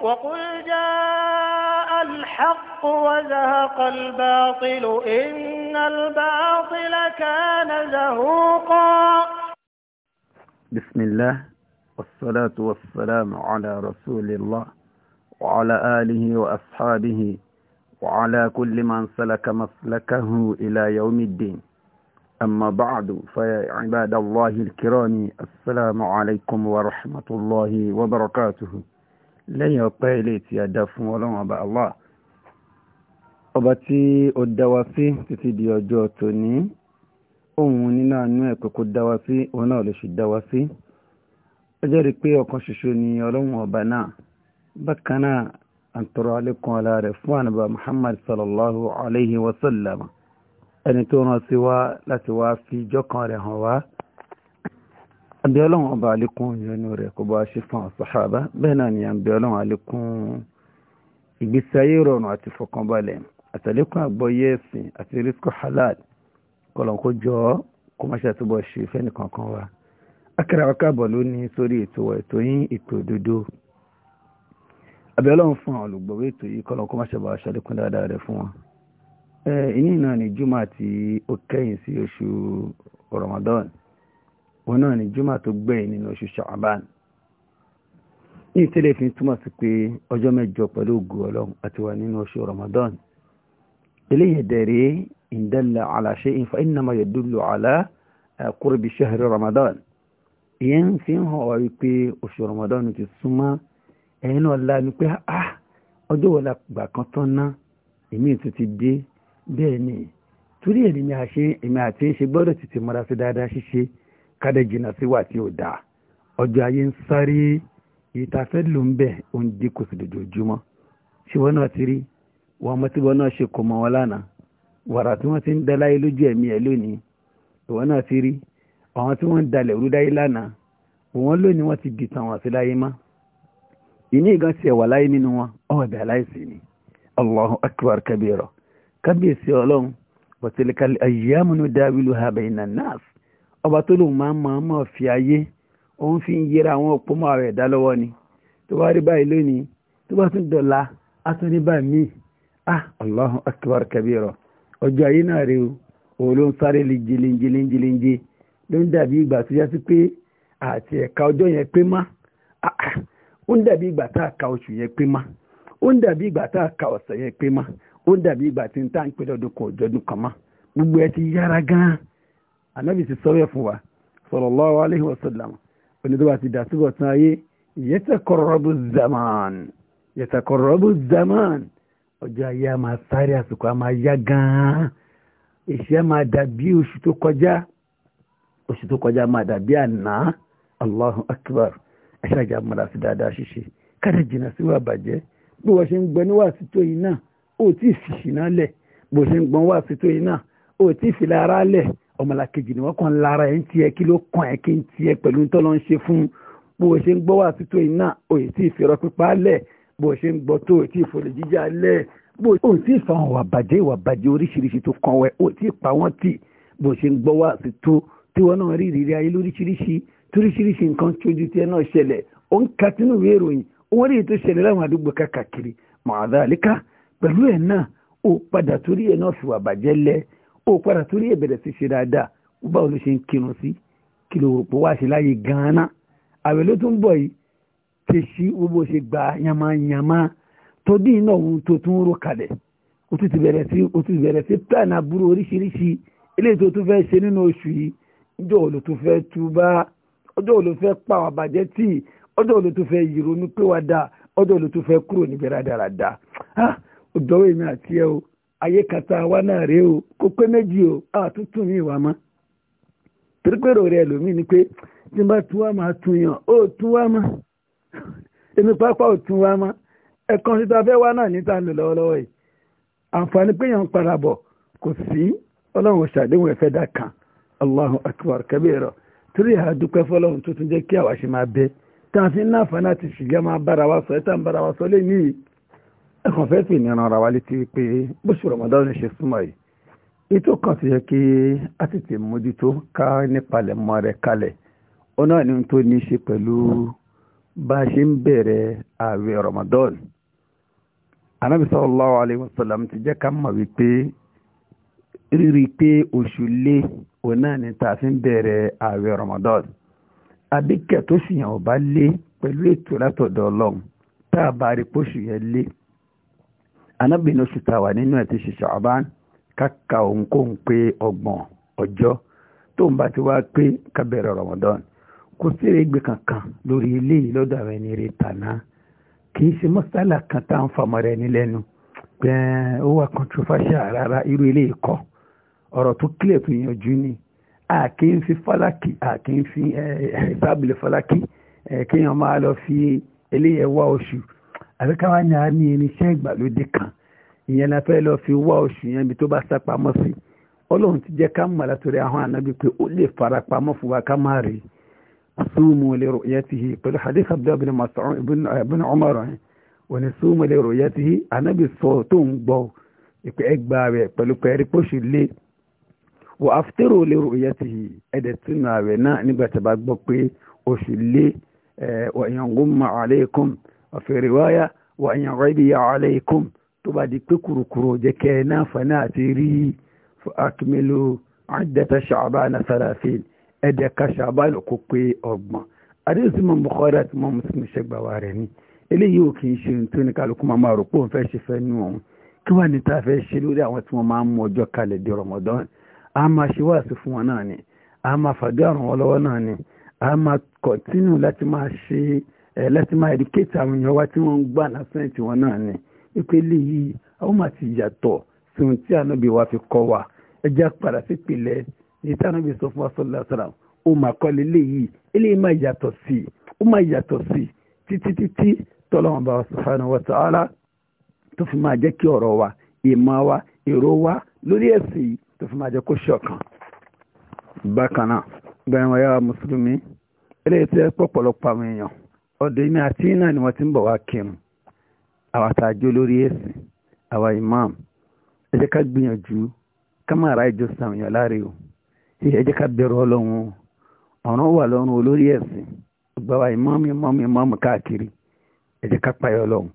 وقل جاء الحق وزهق الباطل إن الباطل كان زهوقا بسم الله والصلاة والسلام على رسول الله وعلى آله وأصحابه وعلى كل من سلك مسلكه إلى يوم الدين أما بعد فيا عباد الله الكرام السلام عليكم ورحمة الله وبركاته lẹ́yìn ọpẹ́ ilé tí a dá fún ọlọ́run ọba Allah ọba tí ó dáwà sí títí di ọjọ́ tòní òun nínú àánú ẹ̀ kókó dáwà sí òun náà ló sì dáwà sí ó jẹ́rìí pé ọ̀kan ṣoṣo ni ọlọ́run ọba náà bákan náà àtọ̀rọ̀ alẹ́kùn ọ̀la rẹ̀ fún ànàbà Muhammad sallallahu alayhi wa sallam ẹni tó rán sí wa láti wá fi ìjọ kan rẹ̀ hàn wá àbí ọlọ́run ọba àlékún ìyọnu rẹ̀ kó bá ṣe fún àwọn sàhábà bẹ́ẹ̀ náà ni àbí ọlọ́run àlékún ìgbésí ayé rọrùn àti fọkànbalẹ̀ àtàlékún àgbọ́yé ẹ̀sìn àti rísíkò halal kọlọ̀ kó jọ ọ́ kó má ṣe àtúbọ̀ ṣe fẹ́ni kankan wa akẹ́rẹ́ àwọn káàbọ̀ lónìí sórí ètò wa ètò yín ètò òdodo àbí fún olùgbọ̀wé ètò Ramadan òun náà ni jùmọ̀ tó gbẹ̀yìn nínú oṣù ṣàbán ní ìtẹ́lẹ̀ fi túmọ̀ sí pé ọjọ́ mẹ́jọ pẹ̀lú ògo ọlọ́run àti wà nínú oṣù ramadan eléyìí dẹ̀rẹ̀ in dalla ala shay'in fa innama yadullu ramadan ìyẹn fi ń hàn wá wípé oṣù ramadan ti súnmọ́ ẹ̀yìn náà la ni pé ah ọjọ́ wo la gbà kan tán ná èmi tún ti dé bẹ́ẹ̀ ni torí èmi àti ń ṣe gbọ́dọ̀ tètè mọ́ra sí dáadáa ṣíṣe kádẹ jìnnà sí wà tí ò dáa ọjọ́ ayé ń sáré ìtafẹ́ ló ń bẹ̀ ó ń dínkù sí dojoojúmọ́ ṣé wọn náà ti rí wọn ọmọ tí wọn náà ṣe kò mọ wọn lánàá wàrà tí wọ́n ti ń dá láyé lójú ẹ̀mí ẹ̀ lónìí ìwọ náà ti rí àwọn tí wọ́n ń dalẹ̀ rú dáyé lánàá wọn lónìí wọ́n ti di tàwọn àti láyé má ìní ìgan ti ẹ̀wà láyé nínú wọn ọ̀dà aláìsí ni allahu akbar kabira kábíyèsí ọlọ́run wa tilkal ayyamu nudawiluha bayna nas ọba tó lòun máa ń mọ̀ ọ́n mọ̀ fi ayé òun fi ń yẹra àwọn òpó mọ́ ara ẹ̀dá ni tó bá rí báyìí lónìí tó bá tún dọ̀la á tún rí báyìí míì ah Allahu akbar kabira ọjọ́ ayé náà rèé o òun ló ń sáré lè jelenjelenjelenje ló ń dàbí ìgbà tó yá sí pé àti ẹ̀ka ọjọ́ yẹn pé má ah, ah. ó ń dàbí ìgbà tá a ka oṣù yẹn pé má ó ń dàbí ìgbà tá a ka ọ̀sẹ̀ yẹn pé má ó ń dàbí ìgbà tí n tá à ń pè lọ́dún kan òjọ́dún kan má gbogbo ẹ ti yára gan-an ànábì ti sọ́wẹ́ fún wa sallallahu alaihi wasallam onídọ́wà ti dà síbọ̀ tán ayé yatakarrabu zaman yatakarrabu zaman ọjọ́ ayé a máa sáré àsìkò a máa yá gan-an iṣẹ́ máa dàbí oṣù tó kọjá oṣù tó kọjá máa dàbí àná allahu akbar ẹ̀ṣájà mọ́ra sí dáadáa ṣíṣe káàdì jìnnà sí wà bàjẹ́ bí wọ́n ṣe ń gbọ́ níwà sí yìí náà ó tí fi ṣìnà lẹ̀ bó ṣe ń gbọ́n wà sí yìí náà ó tí fi lára lẹ̀ ọmọlàkejì ni wọ́n kàn lára ẹ̀ ń tiẹ̀ kí ló kàn ẹ̀ kí ń tiẹ̀ pẹ̀lú tó lọ́n ṣe fún bó o ṣe ń gbọ́ wà títò iná o ì tí ì fẹ́rọ pípa lẹ̀ bó o ṣe ń gbọ́ tó o tí ì fòlè jíjà lẹ̀ bó o tí ì fa àwọn ìwà bàjẹ́ ìwà bàjẹ́ oríṣiríṣi tó kàn wẹ̀ o tí ì pa tì bó o ṣe ń gbọ́ wà títò tí wọ́n náà rí ìrírí ayé lóríṣiríṣi toríṣiríṣi nǹkan tójú tiẹ̀ náà ṣẹlẹ̀ ó ń ka tinú ìwé ìròyìn wọ́n rí ètò ìṣẹ̀lẹ̀ láwọn àdúgbò káàkiri màdàlíkà pẹ̀lú ẹ̀ náà ó padà torí ẹ̀ náà fìwà bàjẹ́ lẹ̀ ó padà torí ẹ̀ bẹ̀rẹ̀ sí ṣe dáadáa ó báwo ló ṣe ń kírun sí kí ló rò pé wá ṣe láàyè gan-an àwẹ̀ ló tún bọ̀ yìí ti ṣí gbogbo ṣe gba yamayama tó dín iná òun tó tún rò kalẹ̀ ó tún ti bẹ̀rẹ̀ sí ó tún bẹ̀rẹ̀ sí plan aburú oríṣiríṣi eléyìí tó tún fẹ́ ṣe nínú oṣù yìí ọjọ́ òòlù tó fẹ́ túbá ọjọ́ òòlù fẹ́ pa àwọn àbàjẹ́ tì ọjọ́ òòlù tó fẹ́ yìrònú pé wàá dáa ọjọ́ òòlù tó fẹ́ kúrò níbi rádaràda ah! ọjọ́ èmi àti ẹ o ayé kata wa náà rèé o koko pé méjì o àtúntún mi wà mọ́ torípèrò rẹ lómi ni pé tí n bá tún wá o tún yàn ó tún wá mọ́ èmi pápá ò tún wá mọ́ ẹ̀kan títa fẹ́ wá náà níta lò lọ́wọ́lọ́wọ́ yìí àǹfààní pé yàn ń padà kan allahu akbar kabira torí àdúpẹ́ fọlọ́run tó tún jẹ́ kí àwa ṣe máa bẹ a fi ń náà ti ẹ̀kọ́ fẹ́ pè ní ọ̀nà ara wa létí pé bó ṣe Ramadan ṣe súnmọ́ yìí ètò kan ti yẹ kí a tètè mójútó ká nípalẹ̀ mọ́ rẹ̀ kalẹ̀ ó náà ní tó ní ṣe pẹ̀lú bá a ṣe ń bẹ̀rẹ̀ ààwẹ̀ Ramadan Ànábì sallallahu alaihi wasallam ti jẹ́ ká mọ̀ wípé rírí pé oṣù lé òun náà ni tá a fi ń bẹ̀rẹ̀ ààwẹ̀ Ramadan àbíkẹ́ tó ṣìyàn ò bá lé pẹ̀lú ètò látọ̀dọ̀ Ọlọ́run tá a bá rí póṣù yẹn lé anábìnrin oṣù tàwà nínú ẹ̀ ti ṣe ṣàbán káka òun kò ń pé ọgbọ̀n ọjọ́ tó ń bá ti wá pé kábẹ̀rẹ̀ Ramadan kò síre gbé kankan lórí ilé yìí lọ́dọ̀ àwọn ẹni rẹ̀ tàná kì í ṣe mọ́sálà kan tá à ń famọ́ rẹ̀ ní lẹ́nu gbẹ̀ẹ́n ó wà controversial rárá irú ilé ìkọ́ ọ̀rọ̀ tó kílẹ̀ tó yanjú ni a kì í fi fálákì a kì í fi eh, eh, eh, tábìlì fálákì kéèyàn máa lọ fi eléyẹ̀ wá oṣù àbí káwá ní a ní irinṣẹ́ ìgbàlódé kan ìyẹn la fẹ́ lọ fi wá oṣù yẹn bí tó bá sá pamọ́ sí ọlọ́run ti jẹ́ ká mọ̀ látòrí àwọn ànábì pé ó lè fara pamọ́ fún wa ká má rí súnmù lè ru'yatihi pẹ̀lú hadith abdullahi bin Mas'ud ibn eh, Umar yẹn eh, òní súnmù lè ru'yatihi ànábì sọ tó ń gbọ́ ìpè ẹgbà rẹ̀ pẹ̀lú pẹ̀rí pọ̀ṣù lé wà áfítẹ́rò lè ru'yatihi ẹ̀dẹ̀ tìǹà rẹ̀ náà nígbà tí a bá gbọ́ pé oṣù lé eh, wa in ghumma ọ̀fẹ́ rìwáyà wà ń yànrọ̀ ibi yàrá alaykum tó bá di pé kùrùkùrù jẹ́ kẹ́ ẹ̀ náà fana àti rí akímẹ́lò àdẹ́ta ṣàbá na sàràfin ẹ̀dẹ̀ ka ṣàbá ló kó pé ọgbọ̀n adéhùsí mọ̀ Bukhari àti mọ̀ Muslim ṣẹgbà wa rẹ̀ ni eléyìí ò kì í ṣe tó ní kálukú máa máa rò pé òun fẹ́ ṣe fẹ́ nú òun kí wàá ní tá a fẹ́ ṣe lórí àwọn tí wọ́n máa ń mú ọjọ́ kalẹ̀ di Ramadan a máa ṣe wáàsí fún wọn náà ni a máa fàdúrà ràn wọ́n lọ́wọ́ náà ni a máa kọ̀tínù láti máa ṣe é Eh, láti máa educate àwọn èèyàn wa tí wọ́n ń gbà lásán tí wọ́n náà ni wípé léyìí àwọn máa ti yàtọ̀ sí ohun tí ànábì wa fi kọ́ wa ẹja padà sí ìpìlẹ̀ èyí tí ànábì sọ fún wa sọ́lá sọ́lá ó máa kọ́ léyìí eléyìí máa yàtọ̀ sí i ó máa yàtọ̀ sí i títí títí tọ́lọ́wọ́n bá wa subhanahu wa ta'ala tó fi máa jẹ́ kí ọ̀rọ̀ wa ìmọ̀ wa èrò wa lórí ẹ̀sìn yìí tó fi máa jẹ́ kó ọ̀dọ̀ èmi àti náà ni wọ́n ti ń bọ̀ wá kírun àwa tá a jó lórí ẹ̀sìn àwa imam ẹ jẹ́ ká gbìyànjú ká má ra ìjọ sàmìyàn láre o ẹ ká bẹ̀rù ọlọ́run o wà lọ́rùn olórí ẹ̀sìn gbogbo àwa imam imam imam káàkiri ẹ jẹ́ ká payọ̀ ọlọ́run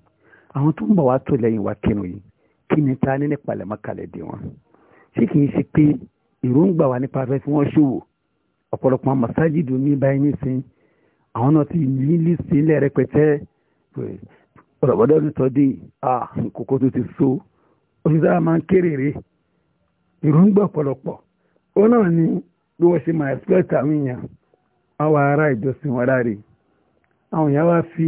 àwọn tó ń bọ̀ wá tó lẹ́yìn wá kírun yìí kí ni ta ní nípa lẹ́mọ́kalẹ̀ dé wọn ṣé kì ṣe pé ìròǹgbà wa nípa fẹ́ fi wọ́n ṣòwò ọ̀pọ̀lọpọ̀ masajidu mi báyìí nísìnyí àwọn náà ti lílí sílẹ̀ rẹpẹtẹ ọ̀rọ̀bọ̀dọ̀ ní tọ́dí àkókò tó ti so oníṣẹ́ra máa ń kéréré ìrúngbà ọ̀pọ̀lọpọ̀ ó náà ni bí wọ́n ṣe máa expect àwọn èèyàn àwọn ará ìjọsìn wọn láre àwọn èèyàn wá fi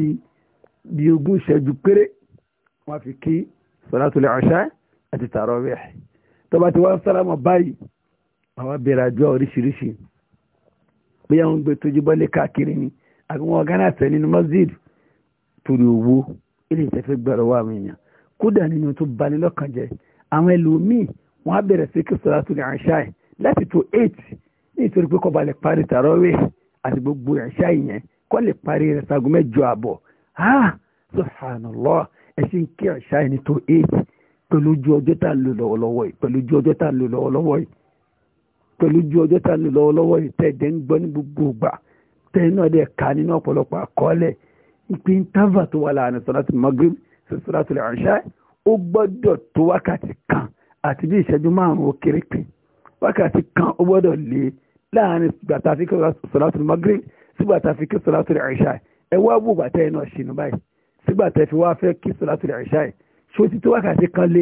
bí ogún ìṣẹ́jú péré wọ́n fi kí sọ̀rọ̀tòlẹ̀ ọ̀ṣá àti tààrọ̀ rẹ̀ tó bá ti wá ń sára mọ̀ báyìí àwọn abẹ́rẹ́ àjọ oríṣiríṣi bí àwọn gbé tójú bọ́lé káàkiri ni àwọn ọ̀gánàtẹ̀ nínú masjid torí owó ilé ìtẹ́fẹ́ gbẹ̀rọ̀ wà àwọn èèyàn kódà nínú tó bani lọ́kàn jẹ́ àwọn ẹlòmíì wọ́n á bẹ̀rẹ̀ sí kí sọ́látù ní àṣàì láti tó eight nítorí pé kọ́ba lè parí tàrọ́wé àti gbogbo àṣàì yẹn kọ́ lè parí rẹ̀ sago mẹ́jọ àbọ̀ ha subhanallah ẹ ṣe ń kí àṣàì ní tó eight pẹ̀lú ojú ọjọ́ tá ń lò lọ́wọ́lọ́wọ́ yìí pẹ̀lú ojú ọjọ́ tá ń lò lọ́wọ́lọ́wọ́ yìí pẹ̀lú tẹ́yìn náà dẹ̀ ká nínú ọ̀pọ̀lọpọ̀ àkọọ́lẹ̀ ìpè ntava tó wà láàrin sọ́láṣí magrib sọ́láṣí ìrànṣá ó gbọ́dọ̀ tó wákàtí kan àti bí ìṣẹ́jú márùn-ún ó kéré pé wákàtí kan ó gbọ́dọ̀ lé láàrin gbàtà fi kí sọ́láṣí magrib sígbàtà fi kí sọ́láṣí ìrànṣá ẹ wá wò bàtà ẹ̀ náà ṣìnú báyìí sígbàtà fi wá fẹ́ kí sọ́láṣí ìrànṣá ẹ̀ tó wákàtí kan lé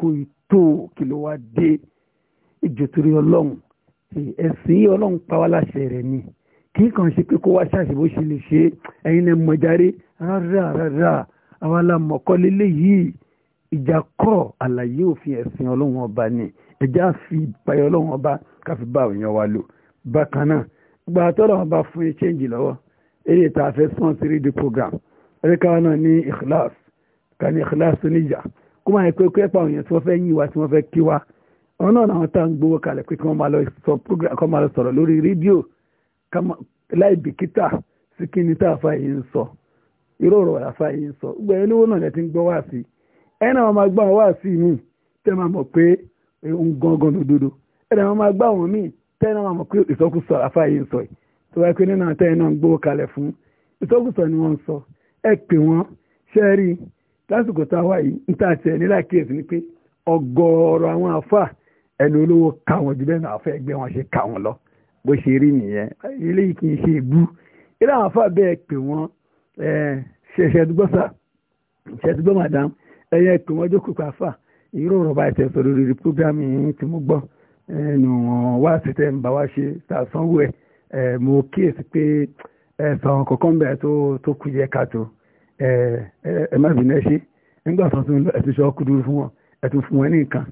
kò tó kí ló wá dé ìjòtúrí ọlọ́run ẹ̀sìn ọlọ́run pa wá láṣẹ rẹ̀ ni kí kàn ṣe pé kó wá ṣàṣì bó ṣe lè ṣe ẹ̀yin lẹ́ mọ̀járe rárá rárá àwọn alámọ̀kọ́ lélẹ́yìí ìjà kọ́ àlàyé òfin ẹ̀sìn ọlọ́run ọba ni ẹ̀já fi ìpayọ̀ ọlọ́run ọba káfí bá òyìn wa lò bákan náà gba àtọ́lọ́ ọba fún ìṣẹ́ǹjì lọ́wọ́ eré tá a fẹ́ sàn sí rédíò program ẹ̀ríkà náà ní ikhlas ká ní ikhlas oníjà kó máa pé kó ẹ̀pà òyìn tí wọ́n fẹ́ yín wa tí wọ́n fẹ́ kí wa ọ̀nà àwọn tá à ń gbowó kalẹ̀ pé kí wọ́n máa lọ sọ̀rọ̀ lórí rédíò láì bìkítà sí kí ni tá a fa yìí ń sọ irú ọ̀rọ̀ àfa yìí ń sọ gbogbo ẹni owó náà lẹ ti ń gbọ́ wá sí ẹ náà máa gbọ́ àwọn wá sí mi tẹ́ máa mọ̀ pé òun gangan lódodo ẹ náà máa gbọ́ àwọn míì tẹ́ náà máa mọ̀ pé ìsọkúsọ àfa yìí ń sọ yìí tó bá pé nínú àtẹ́yìn náà ń gbówó kalẹ̀ fún ìsọkúsọ ni wọ́n ń sọ ẹ pè wọ́n ṣẹ́ rí lásìkò tá a wá yìí ń tà tiẹ̀ nílà kíyèsí ni pé ọgọ́ọ̀rọ̀ àwọn àfa ẹni olówó ká wọn jù bẹ́ẹ̀ náà àfa ẹgbẹ́ wọn ṣe ká wọn lọ bó ṣe rí nìyẹn eléyìí kì í ṣe ìbú eré àwọn afá bẹ́ẹ̀ pè wọ́n ṣẹ̀ṣẹ̀dúgbọ́ sà ṣẹ̀dúgbọ́ madam ẹ̀yẹ pè wọ́n jókòó káfà ìró ọ̀rọ̀ bá tẹ̀ sọ̀rọ̀ lórí programme yìí tí mo gbọ́ ẹnu wá ṣẹ̀ṣẹ̀ ń bá wá ṣe ṣàṣánwó ẹ̀ mo kíyèsí pé ẹ̀sán kọ̀ọ̀kan ń bẹ̀ tó kù yẹ káàtó ẹ̀ má bínú ẹ ṣe nígbà tó ń lọ ẹ̀túnṣọ́ kúdúrú fún wọn ẹ̀tún fún wọn ní nǹkan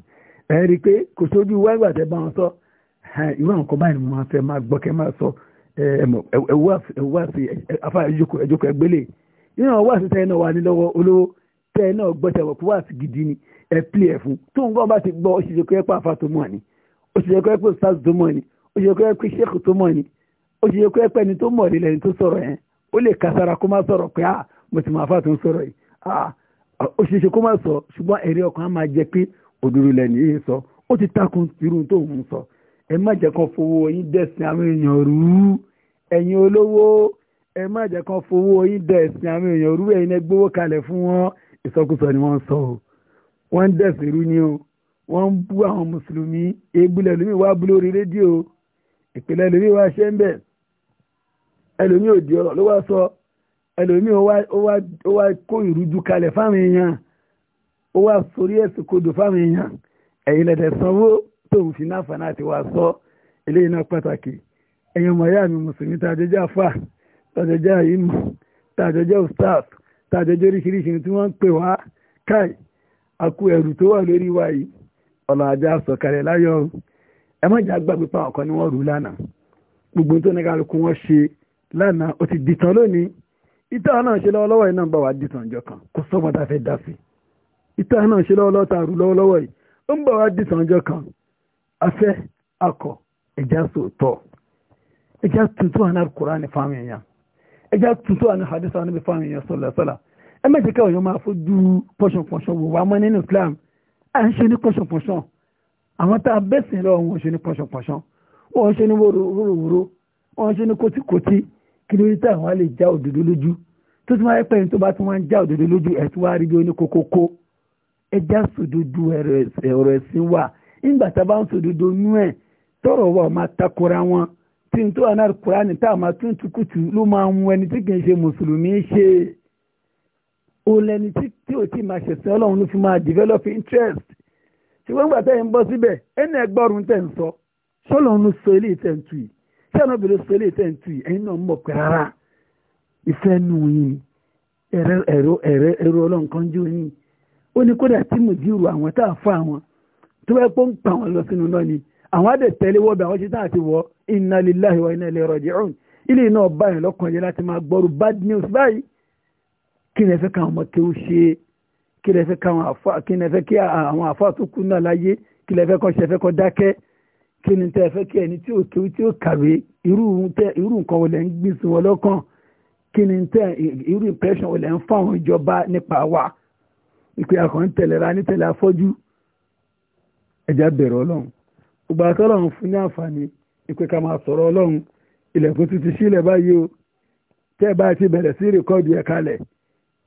ẹ̀ rí i pé kò sójú wá ìgbà tẹ́ bá wọn sọ irú àwọn kan báyìí ni mo máa fẹ́ máa gbọ́ kẹ́ máa sọ ẹ̀wọ́ àti afá ẹjọ́kọ̀ ẹjọ́kọ̀ ẹgbélé nínú àwọn wáàsí tẹ́yìn náà wà ní lọ́wọ́ olówó tẹ́yìn náà gbọ́ tẹ́wọ̀ kó wáàsí gidi ni ẹ pílẹ̀ ẹ̀ fún tó ń gbọ́ bá ti gbọ́ òṣìṣẹ́ kọ́ ẹ pé àfa tó mọ̀ ni òṣìṣẹ́ kọ́ ẹ pé sars tó mọ̀ ni òṣìṣẹ́ kọ́ ẹ pé sẹ́kù tó mọ̀ ni òṣìṣẹ́ ó lè kására kó má sọ̀rọ̀ pé ah mo ti mọ àfa tó ń sọ̀rọ̀ yìí ah òṣìṣẹ́ kó má sọ ṣùgbọ́n ẹ̀rí ọkàn á máa jẹ pé òdòdó lẹ́ni yìí sọ ó ti takùn irú tó ń sọ ẹ má jẹ́ kan fowó yín dẹ̀sìn àwọn èèyàn rú ẹ̀yin olówó ẹ má jẹ́ kan fowó yín dẹ̀sìn àwọn èèyàn rú ẹ̀yin ẹ gbówó kalẹ̀ fún wọn ìsọkúsọ ni wọ́n ń sọ o wọ́n ń dẹ̀sìn rú ni o wọ́n ń bú àwọn mùsùlùmí egbúlẹ̀ lómi wá bú lórí rédíò ìpìlẹ̀ lómi wá ṣẹ́ ń bẹ̀ ẹlòmí ò di ọ̀rọ̀ ló wá sọ ẹlòmí ó wá kó ìrújú kalẹ̀ fáwọn èèyàn ó wá sórí ẹ̀sìn kodò fáwọn èèyàn ẹ̀yin lẹ̀dẹ̀ sanwó tóun fi náà fàánà àti wá sọ eléyìí náà pàtàkì ẹ̀yin ọmọ ìyá mi mùsùlùmí tàjọjọ́ àfà tàjọjọ́ àyímọ̀ tàjọjọ́ ustaz jẹjẹ oríṣiríṣi tí wọ́n ń pè wá káì ẹrù tó wà lórí wa yìí ọ̀nà àjọ ẹ má jà gbàgbé pa ni gbogbo tó wọn ṣe lánàá ó ti dìtàn lónìí ìtàn náà ṣe lọ́wọ́lọ́wọ́ yìí jọ kan a fẹ́ dá sí ìtàn náà ṣe lọ́wọ́lọ́wọ́ jọ kan afẹ́ akọ ẹja sòótọ́ ẹja tuntun àná Kùránì fáwọn èèyàn ẹja tuntun àná hadith àwọn ẹbí fáwọn èèyàn sọlá sọlá ẹ má jẹ́ káwọn èèyàn máa fojú pọ̀ṣọ̀pọ̀ṣọ̀ wò wá mọ́ nínú Islam à ń ṣe ní pọ̀ṣọ̀pọ̀ṣọ̀ àwọn tá a bẹ́sìn lọ́wọ́ wọn ṣe ní pọ̀ṣọ̀pọ̀ṣọ̀ wọ́n ṣe ní wórówóró wọ́n ṣe ní kótíkótí kí ló dé àwọn lè já òdodo lójú tó tún wáyé ìgbà tá a bá ń sòdodo nú ẹ̀ tọrọ wa máa takora wọn tí n tó àná kúránì tá a máa tún tukutu ló máa ń wẹni tí kì í ṣe mùsùlùmí ṣe o lẹni tí tí o ti máa ṣẹ̀sìn ọlọ́run ló fi máa develop interest ṣùgbọ́n gbà tẹ́ ń bọ́ síbẹ̀ ẹni ẹgbọ́rún tẹ̀ ń sọ ṣọ́lọ́run ló sọ eléyìí tẹ̀ ń tu yìí ṣẹ́nu obìnrin sọ eléyìí tẹ̀ ń tu yìí ẹ̀yin náà mọ̀ pé rárá ìfẹ́ nù yín ẹ̀rọ ẹ̀rọ ẹ̀rọ ọlọ́run kan jó yín ó ní kódà tí mo jí àwọn tá a fọ àwọn tó bá pọ́n pa wọn lọ sínú náà ni àwọn àdè tẹ̀lé wọ́ bí àwọn ṣe tán àti wọ́ inna lillahi wa inna ilayhi raji'un ilé náà báyìí lọ́kàn yẹn láti máa gbọ́rù bad news báyìí kí ni ẹ fẹ́ káwọn ọmọ kí ó ṣe kí ni ẹ fẹ́ káwọn àfa kí ni ẹ fẹ́ kí àwọn àfa tó kú náà láyé kí ni ẹ fẹ́ kọ́ ṣe ẹ fẹ́ kọ́ dákẹ́ kí ni tẹ́ ẹ fẹ́ kí ẹni tí ò kéwú tí ó kàwé irú nǹkan wọlé ń gbìn sí wọn lọ́kàn kí ni tẹ́ irú impression wọlé ń fáwọn ìjọba nípa wa ìpè àkàn tẹ̀lẹ́ra nítẹ̀lẹ́ afọ́jú ẹ̀já bẹ̀rẹ̀ ọlọ́run gbogbo àtọ́lọ́run fún ní àǹfààní ìpè ká máa sọ̀rọ̀ ọlọ́run ilẹ̀kùn ti ti sílẹ̀ báyìí o tẹ́ ẹ bá ti bẹ̀rẹ̀ sí rìkọ́ọ̀dù ẹ̀ kalẹ̀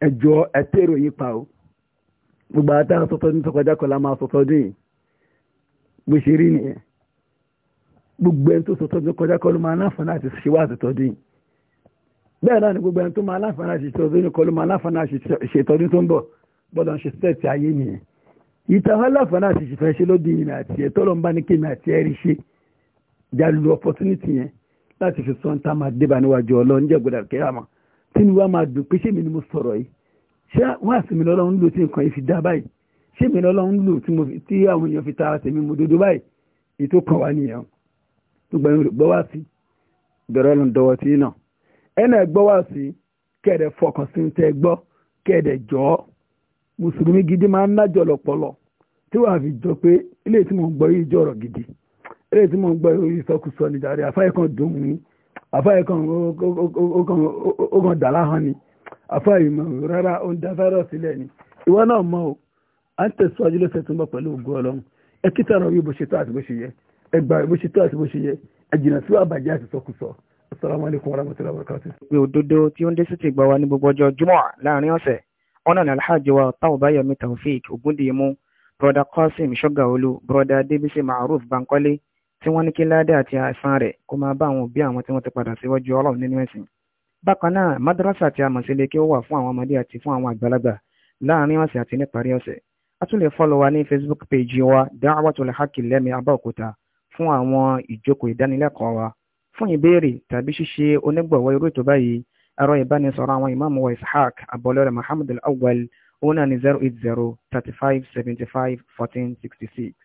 ẹ̀jọ́ ẹ̀tẹ́rò yìí pa o gbogbo sọ̀tọ́ ní tọkọjá kan la máa sọ̀tọ́ dín bó ṣe rí nìyẹn gbogbo ẹni tó sọ̀tọ́ ní kọjá kan ló máa láǹfààní àti dín bẹ́ẹ̀ náà ni gbogbo ẹni tó máa láǹfààní àti tó ìtàn aláfà náà ti ṣìfẹ́ ṣe ló bí ìrìn àti ẹ̀ tọ́lọ́ ń bá ní kémi àti ẹ̀ rí ṣe já lu opportunity yẹn láti fi sọ tá máa débà níwájú ọlọ́run níjẹ́ gbọ́dọ̀ kẹ́yàmọ́ tí ni wàá máa dùn pé ṣé mi ni mo sọ̀rọ̀ yìí ṣé wọ́n àsìmí lọ́lọ́run lò tí nǹkan yìí fi dá báyìí ṣé mi lọ́lọ́run lò tí àwọn èèyàn fi ta àtẹ̀mí mo dodo báyìí ètò mùsùlùmí gidi máa ń nájọ lọ́pọlọ tí wàá fi jọ pé ilé tí mò ń gbọ́ yìí jọ̀rọ̀ gidi ilé tí mò ń gbọ́ yìí sọkúsọ ni jàre àfáyé kan dùn mí àfáyé kan ó kan dà láhàn ni àfáyé mọ̀ rárá ó ń da fáírọ̀sì lẹ̀ ni ìwọ náà mọ̀ o à ń tẹ̀síwájú lọ́sẹ̀ tó ń bọ̀ pẹ̀lú ògùn ọlọ́run ẹ kí sàrọ̀ yìí bó ṣe tó àti bó ṣe yẹ ẹ gbà bó ṣe tó àti bó ṣe yẹ ẹ jìnnà sí àbàjẹ́ àti sọkúsọ assalamu alaikum warahmatullahi wabarakatuh. pé òdodo tí ó ń dé sí ti gbọ́ wa ní gbogbo ọjọ́ jùmọ̀ láàrin ọ̀sẹ̀ ọ̀nà ní alhaji wa Tawbayomi Taofeek Ogundiyimu broda Qasim Shogaolu broda Debisi Maruf Bankole tí wọ́n ní kí ládé àti àìsàn rẹ̀ kó máa bá àwọn òbí àwọn tí wọ́n ti padà síwájú Ọlọ́run nínú ẹ̀sìn bákan náà madrasa àti amọ̀sílẹ̀ kí ó wà fún àwọn ọmọdé àti fún àwọn àgbàlagbà láàrin ọ̀sẹ̀ àti níparí ọ̀sẹ̀ a tún lè fọ́lọ̀ wa ní Facebook page wa Da'watul Haqq lẹ́mí Abẹ́òkúta fún àwọn ìjókòó ìdánilẹ́kọ̀ọ́ wa fún ìbéèrè tàbí ṣíṣe onígbọ̀wọ́ irú ètò báyìí الريباني صرام وإمام وإسحاق أبو أبولور محمد الأول هنا نزارو إتزارو 35 75 14 66